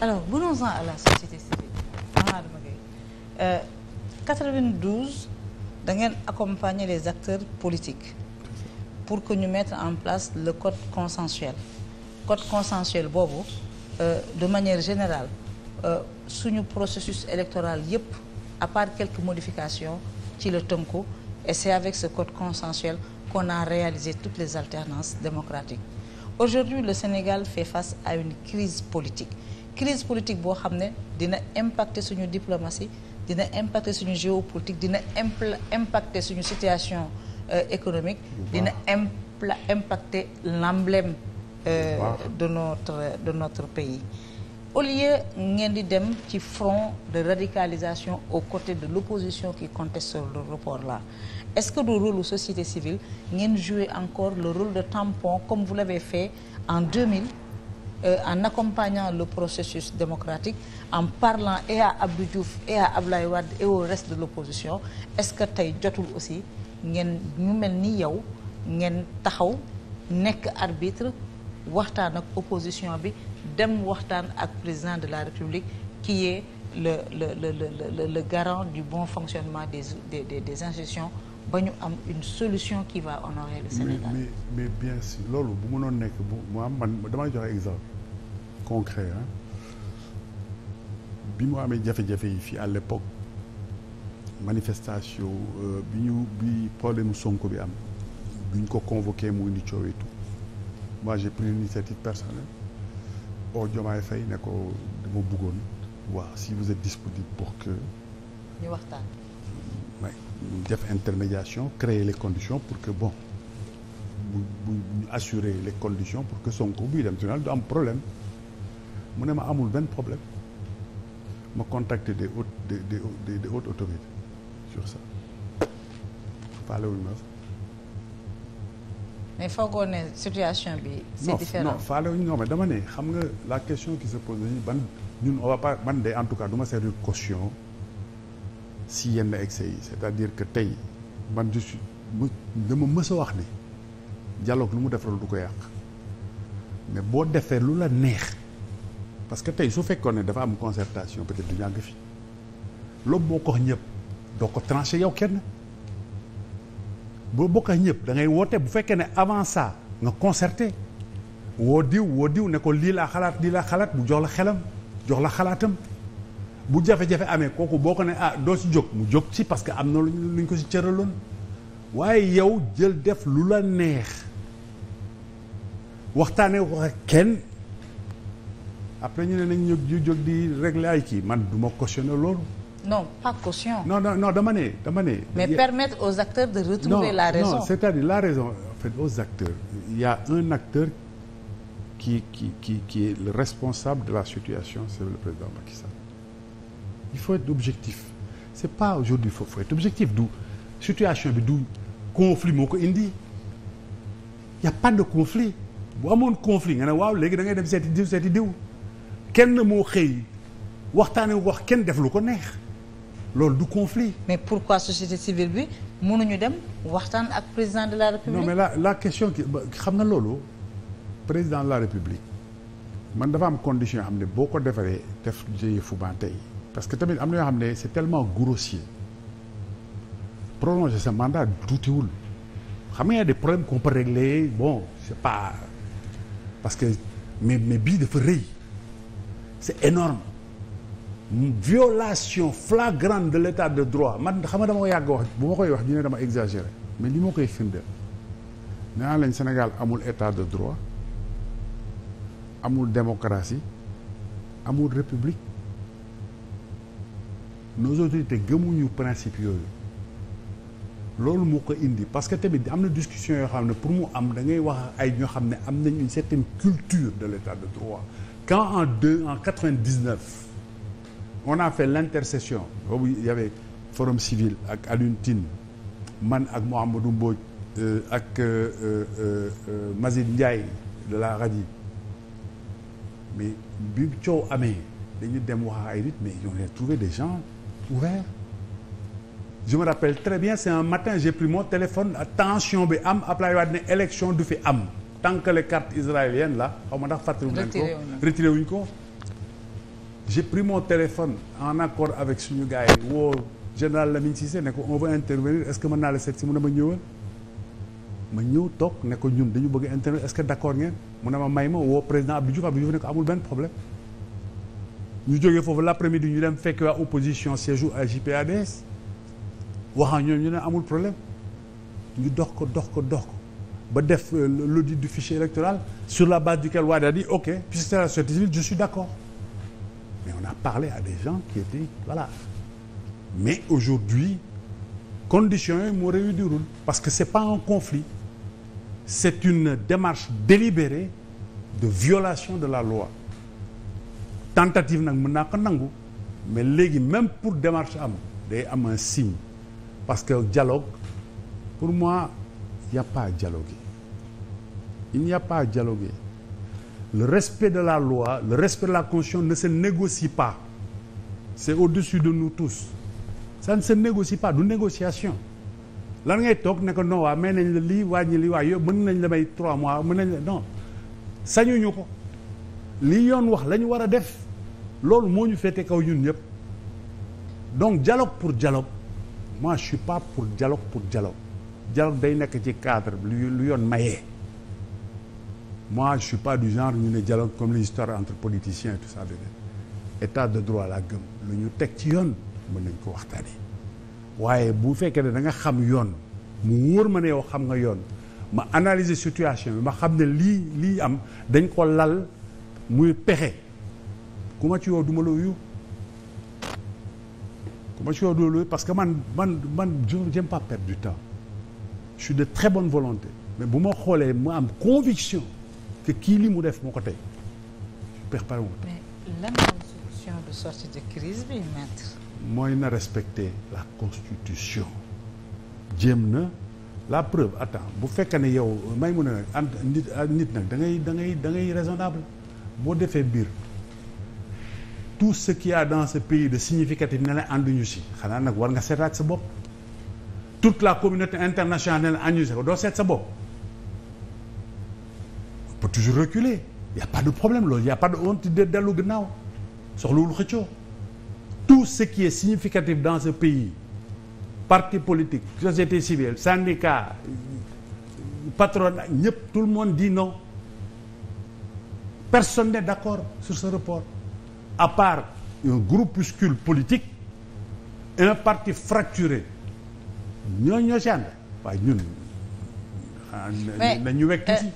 alors venons-en à la société civile Mame Adama Gueye 92 euh, da ngeen accompagner les acteurs politiques pour que ñu mettre en place le code consensuel code consensuel boobu euh, de manière générale euh, suñu processus électoral yépp à part quelques ci la tënku et c'est avec ce code consensuel qu'on les alternances démocratiques Sénégal fait crise politique boo xam ne dina impacter suñu diplomatie dina impacter suñu géopolitique dina impacter suñu situation euh, économique dina impacter l'emblème euh, de notre de notre pays au lieu ngeen di dem ci front de radicalisation aux côtés de l'opposition qui conteste le report là est-ce que du rôle société civile ngeen jouer encore le rôle de tampon comme vous l'avez fait en 2000 euh, en accompagnant le processus démocratique en parlant et à Abdou Diouf et à Ablaye Wade et au de l'opposition est-ce que tey jotul aussi ngeen ñu mel ni yow ngeen taxaw nekk arbitre waxtaan ak opposition bi dem waxtaan ak président de la République qui est le le le le le, le garant du bon fonctionnement des des des, des institutions ba ñu am une solution qui va honorer le Sénégal. mais bien sûr loolu bu mënoon nekk bu mu am man dama joxe exemple concret bi mu amee jafe-jafe yi fi à l'époque manifestation euh, bi ñu bi problème Sonko bi am bi ñu ko convoqué mu indi coow et tout moi j'ai pris l'initiative personnelle oo oh, Diomaye Faye ne ko dama bëggoon waaw si vous êtes disponible pour que. ñu waxtaan. def intermédiation créer les conditions pour que bon bu bu ñu assurer les conditions pour que Sonko buy dem tribunal du am problème mu ne ma amul benn problème ma contacter des hautes des des des, des hautes sur ça faalewuñu ma sax. mais foogoo ne situation bi. c'est différent non non faalewuñu non mais dama ne xam nga la question qui se pose dañuy ban ñun on va man de en tout cas duma ma servir si yenn excès yi c'est-à-dire que tey man je suis dama mës a wax ne dialogue lu mu defaral du ko yàq mais boo defee lu la neex parce que tey su fekkee ne dafa am concertation peut du ñàgg fi loolu boo ko ñëpp doo ko tranché yow kenn boo bokk ñëpp da ngay woote bu fekkee ne avant saa nga concerté woo diw woo diw ne ko lii laa xalaat lii laa xalaat bu jox la xelam jox la xalaatam bu jafe-jafe amee kooku boo ko ne ah doo si jóg mu jóg ci parce que am na lu ñu ko si cëraloon waaye yow jël def lu la neex waxtaanee ko ak kenn après ñu ne nañ ñu ñu jóg di régler ay kii man du ma cautionné loolu. non pas caution. non non non dama ne dama ne. mais permettre aux acteurs de retrouver la raison non c'est-à-dire la raison en fait aux acteurs il y a un acteur qui qui qui est le responsable de la situation c'est le président Macky il faut être objectif c'est pas aujourd'hui il faut, faut être objectif du situation bi du conflit moo ko indi y a pas de conflit bu amoon conflit nga ne waaw léegi da ngay dem seeti diw seeti diw kenn moo xëy waxtaanee wax kenn def lu ko neex loolu du conflit. mais pourquoi société civile bi mënuñu dem waxtaan ak président de la république. non mais la la question ki xam na loolu président de la république man dafa am condition yoo xam ne boo ko defaree def jëye tey parce que tamit am na yoo xam ne c'est tellement grossier prolonger sa mandat tuutiwul xam nga y a des problèmes qu'on bon c'est pas parce que mais mais bii dafa rëy c'est énorme violation flagrante de l'état de droit man xam nga dama ko yàgg wax bu ma koy wax ñu ne dama exagéré mais li ma koy firndeel nee naa lañ Sénégal amul état de droit amul démocratie amul république nos autorités gëmuñu principe yooyu loolu moo ko indi parce que tamit am na discussion yoo xam ne pour mu am da wax ay ñoo xam ne am nañ une certaine culture de l'état de droit quand en deux en quatre-vingt-dix-neuf on a fait l'intercession boobu y avait forum civil ak Alioune Tine man ak Mouhamadou Mbodj euh, ak euh, euh, Mazid Ndiaye de la RADDHO mais bi coow amee dañu dem wax ay nit mais on a trouvé des gens ouvert je me rappelle très bien c'est un matin j'ai pris mon téléphone tension bi am Ablaye Wade ne élection du fi am tant que les cartes israéliennes là xaw ma ndax fàttali wu ko retiré wuñ ko j'ai pris mon téléphone en accord avec suñu gars yi woo général Lamine Cissé ne ko on veut intervenir est-ce que mën naa la seet si mu ne ma ñëwal ma ñëw toog ne ko ñun dañu bëgg intervenir est-ce que d'accord ngeen mu ne ma may ma woo président Abdou Diouf Abdou Diouf ne ko amul benn problème ñu jógee foofu l' après midi ñu dem fekk waa opposition siège à JPADS waxaa ñoom ñu ne amul problème ñu dox ko dox ko dox ko ba def euh, l' du fichier électoral sur la base duquel ok puisque c'est la société civile je suis d' accord mais on a parlé à des gens qui étaient voilà mais aujourd'hui conditions yooyu moo réunirul parce que c'est pas un conflit c'est une démarche délibérée de violation de la loi tentative nag mën naa ko nangu mais léegi même pour démarche am day am un signe parce que dialogue pour moi yàppa n'y a pas à dialoguer il n'y a le respect de la loi le respect de la constitution ne seen négocie pas c'est au-dessus de nous tous ça ne se négocie pas du négociation lan ngay toog ne ko non waa may nañ la lii wàññi lii waa yow mën nañ la may trois mois mën nañ la non sañuñu ko lii yoon wax lañu ñu war a def loolu moo ñu fete kaw ñun ñëpp donc dialogue pour dialogue moi je suis pas pour dialogue pour dialogue dialogue day nekk ci cadre lu lu yoon mayee moi je suis pas du genre ñu ne dialogue comme les histoires entre politiciens et tout ça état de droit laa gëm lu ñu teg ci yoon mën nañ ko waxtaanee waaye bu fekkee ne da nga xam yoon mu wóor ma ne yow xam nga yoon ma analyser situation bi ma xam ne lii lii am dañ ko lal muy pexe ku ma ci woo du ma la ku ma ci woo du ma la parce que man man man j'aime pas perdre du temps je de très bonne volonté mais bu ma xoolee mu am conviction que kii li mu def moo ko tey je perds mooy na respecter la constitution. jéem na la preuve attends bu fekkee ne yow may mun a nit nit nag dangay dangay da ngay boo defee biir. tout ce qu'il y a dans ce pays de significatif ne la ànduñu si xanaa nag war nga seetaat sa bopp tout la communauté internationale ne la si doo seet sa bopp on peut toujours reculer y pas de problème loolu y a pas de honte de dellu gannaaw soxlawul xëccoo tout ce qui est significatif dans ce pays parti politique société civile syndicat patronat ñëpp tout le monde dit non personne n'est d'accord sur ce report à part un groupuscule politique un parti fracturé ñooñu ñoo si ànd waaye ñun. Ah, mais nañu wekk si.